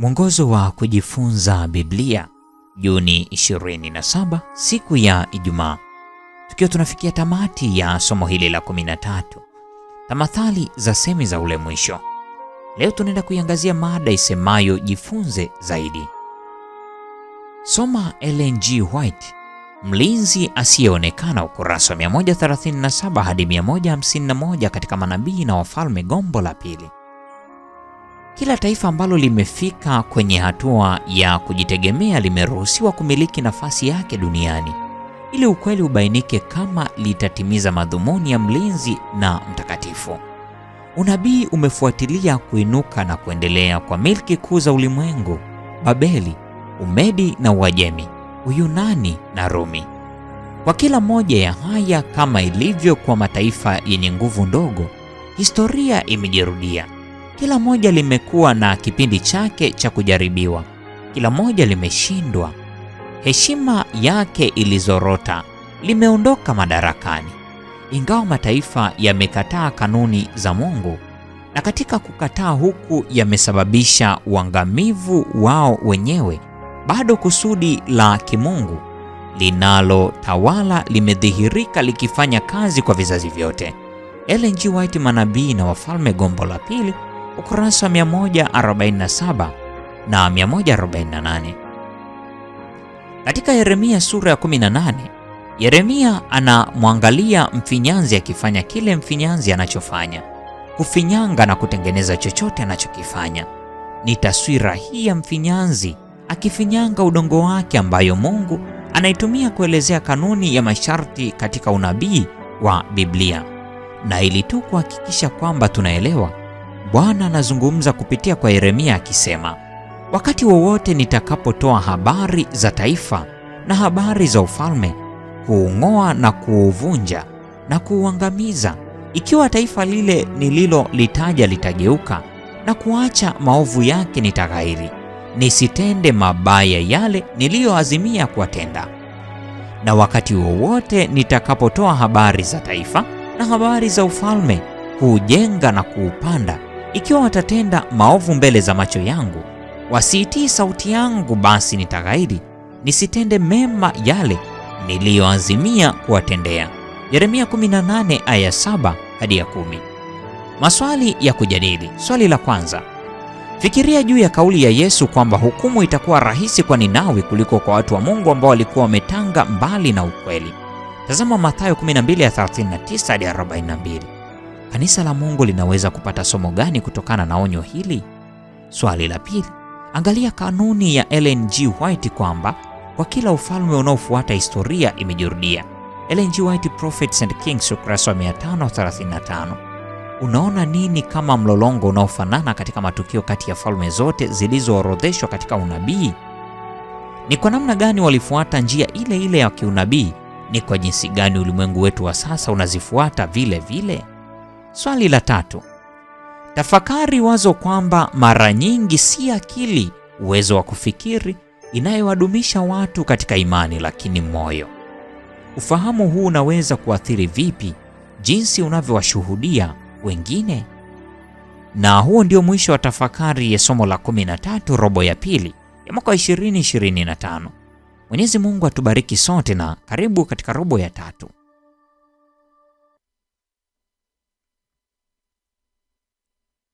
Mwongozo wa kujifunza Biblia, Juni 27, siku ya Ijumaa. Tukiwa tunafikia tamati ya somo hili la 13, tamathali za semi za ule mwisho. Leo tunaenda kuiangazia mada isemayo jifunze zaidi. Soma Ellen G. White, mlinzi asiyeonekana, ukurasa wa 137 hadi 151 katika manabii na wafalme, gombo la pili. Kila taifa ambalo limefika kwenye hatua ya kujitegemea limeruhusiwa kumiliki nafasi yake duniani ili ukweli ubainike kama litatimiza madhumuni ya mlinzi na mtakatifu. Unabii umefuatilia kuinuka na kuendelea kwa milki kuu za ulimwengu: Babeli, Umedi na Uajemi, Uyunani na Rumi. Kwa kila moja ya haya, kama ilivyo kwa mataifa yenye nguvu ndogo, historia imejirudia. Kila moja limekuwa na kipindi chake cha kujaribiwa, kila moja limeshindwa, heshima yake ilizorota, limeondoka madarakani. Ingawa mataifa yamekataa kanuni za Mungu, na katika kukataa huku yamesababisha uangamivu wao wenyewe, bado kusudi la kimungu linalotawala limedhihirika likifanya kazi kwa vizazi vyote. Ellen G. White, Manabii na Wafalme, gombo la pili ukurasa wa 147 na 148. Katika Yeremia sura ya 18, Yeremia anamwangalia mfinyanzi akifanya kile mfinyanzi anachofanya, kufinyanga na kutengeneza chochote anachokifanya. Ni taswira hii ya mfinyanzi akifinyanga udongo wake ambayo Mungu anaitumia kuelezea kanuni ya masharti katika unabii wa Biblia. Na ili tu kuhakikisha kwamba tunaelewa Bwana anazungumza kupitia kwa Yeremia akisema, wakati wowote nitakapotoa habari za taifa na habari za ufalme, kuung'oa na kuuvunja na kuuangamiza, ikiwa taifa lile nililolitaja litageuka na kuacha maovu yake, nitaghairi nisitende mabaya yale niliyoazimia kuwatenda. Na wakati wowote nitakapotoa habari za taifa na habari za ufalme, kuujenga na kuupanda ikiwa watatenda maovu mbele za macho yangu, wasiitii sauti yangu, basi nitaghairi nisitende mema yale niliyoazimia kuwatendea. Yeremia 18 aya 7 hadi ya 10. Maswali ya kujadili. Swali la kwanza, fikiria juu ya kauli ya Yesu kwamba hukumu itakuwa rahisi kwa Ninawi kuliko kwa watu wa Mungu ambao walikuwa wametanga mbali na ukweli. Tazama Mathayo 12:39 hadi 42. Kanisa la Mungu linaweza kupata somo gani kutokana na onyo hili? Swali la pili, angalia kanuni ya Ellen G. White kwamba kwa kila ufalme unaofuata historia imejirudia. Ellen G. White, Prophets and Kings, ukurasa wa 535. Unaona nini kama mlolongo unaofanana katika matukio kati ya falme zote zilizoorodheshwa katika unabii? Ni kwa namna gani walifuata njia ile ile ya kiunabii? Ni kwa jinsi gani ulimwengu wetu wa sasa unazifuata vile vile? Swali la tatu, tafakari wazo kwamba mara nyingi si akili, uwezo wa kufikiri inayowadumisha watu katika imani, lakini moyo. Ufahamu huu unaweza kuathiri vipi jinsi unavyowashuhudia wengine? Na huo ndio mwisho wa tafakari ya somo la 13 robo ya pili ya mwaka 2025. Mwenyezi Mungu atubariki sote na karibu katika robo ya tatu.